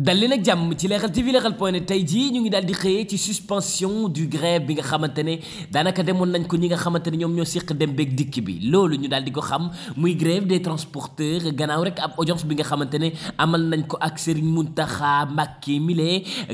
dal nag jàmm ci leeral tv leeral point net tey jii ñu ngi daal di xëyee ci suspension du grève bi nga xamante ne daanaka demoon nañ ko ñi nga xamante ne ñoom ñoo séq dem beeg dikk bi loolu ñu daal di ko xam muy grève des transporteurs gannaaw rek ab audience bi nga xamante ne amal nañ ko ak Serigne Mountakha Mbacké mile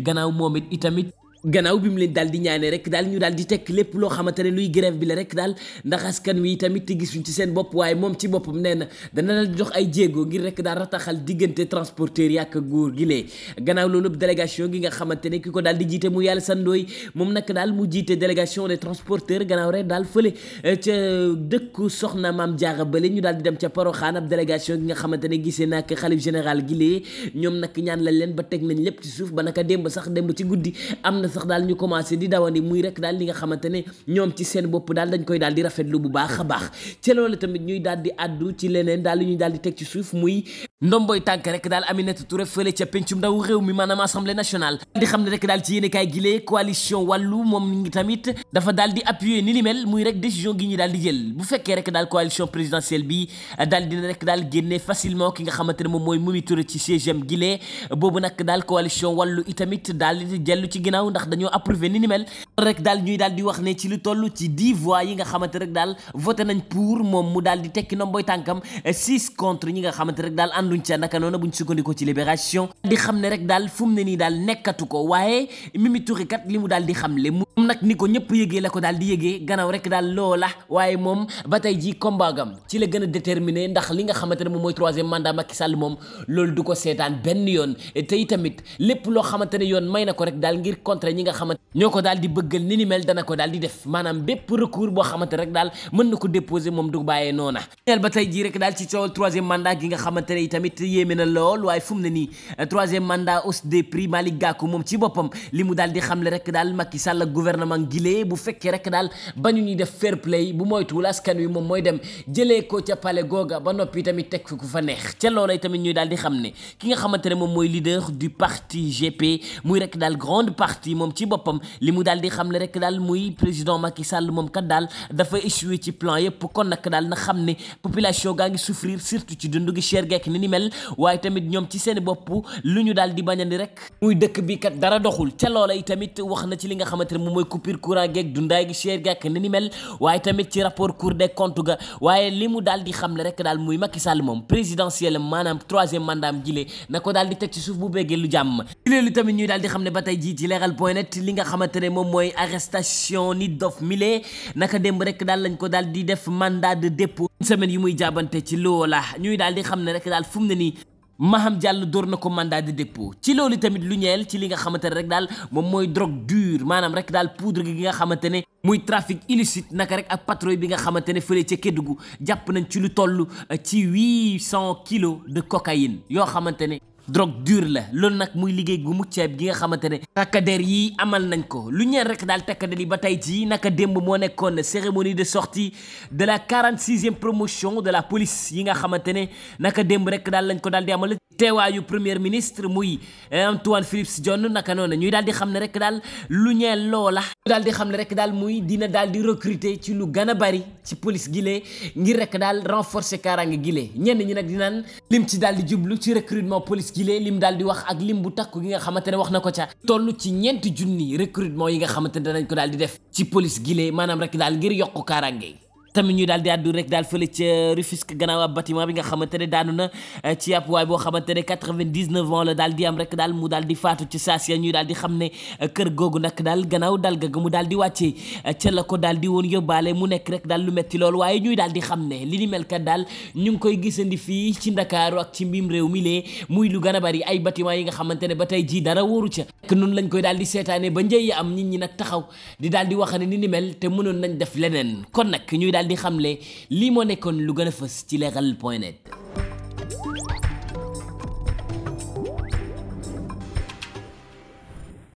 gannaaw moom it itamit gannaaw bi mu leen daal di ñaanee rek daal ñu daal di tekk lépp loo xamante ne luy grève bi la rek daal ndax askan wi tamit gisuñ ci seen bopp waaye moom ci boppam nee na dana daal jox ay jéego ngir rek daal rataxal diggante transporteur yi ak gi lee gannaaw loolu délégation gi nga xamante ne ki ko daal di jiite mu yàlla sandooy moom nag daal mu jiite délégation des transporteurs gannaaw rek daal fële euh, ca dëkku soxna maam jaara bale ñu daal di dem ca Poroxaan ab délégation gi nga xamante ne gisee nak xalif général gi lee ñoom nag ñaan lañ leen ba teg nañ lépp ci suuf ba naka demb sax demb ci guddi am na sax daal ñu commencé di dawandi muy rek daal li nga xamante ñoom ci seen bopp daal dañ koy daal di rafetlu bu baax a baax ci loolu tamit ñuy daal di àddu ci leneen daal di teg ci mi maanaam assemblée nationale di xam ne rek daal ci yéene kaay gilee coalition wàllu moom ngi tamit di jël ki nga xamante ne moom mooy Mimi Touré ci siège am gilee boobu ndax ndax dañoo approuvé ni ni mel rek daal ñuy daal di wax ne ci lu toll ci dix yi nga xamante rek daal voté nañ pour moom mu daal di tekki nomboy tànkam six contre ñi nga xamante rek daal ànduñ ca naka noonu buñ sukkandikoo ci libération di xam ne rek daal fu ne nii daal nekkatu ko waaye Mimi Touré kat li mu daal di xamle mu moom nag ni ko ñëpp yëgee la ko daal di yëgee gannaaw rek daal loola waaye moom ba tey jii combat gam ci la gën a déterminé ndax li nga xamante ne moom mooy troisième mandat Macky Sall moom loolu du ko seetaan benn yoon te itamit lépp loo xamante ne yoon may na ko rek daal ngir contrer ñi nga xamante ñoo ko daal di bëggal ni ni dana ko daal di def maanaam bépp recours boo xamante rek daal mën na ko déposer moom du bàyyee noona ñeel ba tey jii rek daal ci coowal troisième mandat gi nga xamante ne itamit yéeme na lool waaye fu mu ne nii troisième mandat hausse des moom ci boppam li mu daal di xamle rek daal Macky Sall gouvernement guilée bu fekkee rek daal bañu ñuy def fair play bu moytuwul askan wi moom mooy dem jëlee ko ca palais googa ba noppi tamit teg fi ku fa neex ca loola tamit di xam ne ki nga xamante ne moom mooy leader du parti GP muy rek daal grande ci boppam li mu daal di xam ne rek daal muy président Macky Sall moom kat daal dafa échoué ci plan yëpp kon na xam ne population gaa ngi souffrir surtout ci dund ci seen bopp lu ñu daal di bañandi rek muy dëkk bi kat dara doxul ca loola wax na ci li nga xamante moom mooy coupure courant geeg dundaay gi cher gi ak ni ni mel waaye tamit ci rapport cour des comptes ga waaye li mu daal di xamle rek daal muy Macky moom présidentiel maanaam troisième mandat am na ko daal di teg ci suuf bu béggee lu jàmm ne ba tey jii ci leeral li nga xamante ne moom mooy arrestation nit dof mile naka démb rek daal lañ ko daal di def mandat de dépôt une semaine yi muy jàbbante ci loola ñuy daal di xam ne rek daal fu mu ne nii Maham Diallo dóor na ko mandat de dépôt ci loolu tamit lu ñeel ci li nga xamante ne rek daal moom mooy drogue dure maanaam rek daal poudre gi nga xamante ne muy trafic illicite naka rek ak patrouille bi nga xamante ne fële ca Kédougou jàpp nañ ci lu toll ci huit cent kilos de cocaïne yoo xamante ne. drogue dure la loolu nag muy liggéey gu mucc ayib gi nga xamante ne takkader yi amal nañ ko lu ñeen rek daal takkader yi ba tey jii naka demb moo nekkoon cérémonie de sortie de la 46e promotion de la police yi nga xamante ne naka demb rek daal lañ ko daal di amal teewaayu première ministre muy eh, Antoine Philips John naka noonu ñuy daal di xam ne rek daal lu ñeel loola. ñu daal di xam ne rek daal muy dina daal di ci lu gën a bari ci police gile ngir rek daal renforcer kaaraange gile ñenn ñi nag dinaan lim ci daal di jublu ci recrutement police gile lim daal di wax ak lim bu takku gi nga xamante ne wax na ko ca. toll ci ñeenti junni recrutement yi nga xamante ne danañ ko daal di def ci police gile maanaam rek daal ngir yokk kaaraange. tamit ñu daal di àddu rek daal fële ca Rufisque gannaaw ab bâtiment bi nga xamante ne daanu na ci ab waay boo xamante ne quatre-vingt-dix-neuf ans la daal di am rek daal mu daal di faatu ci saa ñuy daal di xam ne kër googu nag daal gannaaw dal ga mu daal di wàccee ca la ko daal di woon yóbbaale mu nekk rek daal lu metti lool waaye ñuy daal di xam ne li ni mel kat daal ñu ngi koy gisandi fii ci Ndakaaru ak ci mbiim réew mi lee muy lu gën a bari ay bâtiment yi nga xamante ne ba tey jii dara wóoru ca noonu lañ koy daal di seetaane ba njëy am nit ñi nag taxaw daal di wax ne ni ni mel te mënoon nañ def leneen kon nag ñuy daal daal di xamle lii moo nekkoon lu gën a fës ci leeral point net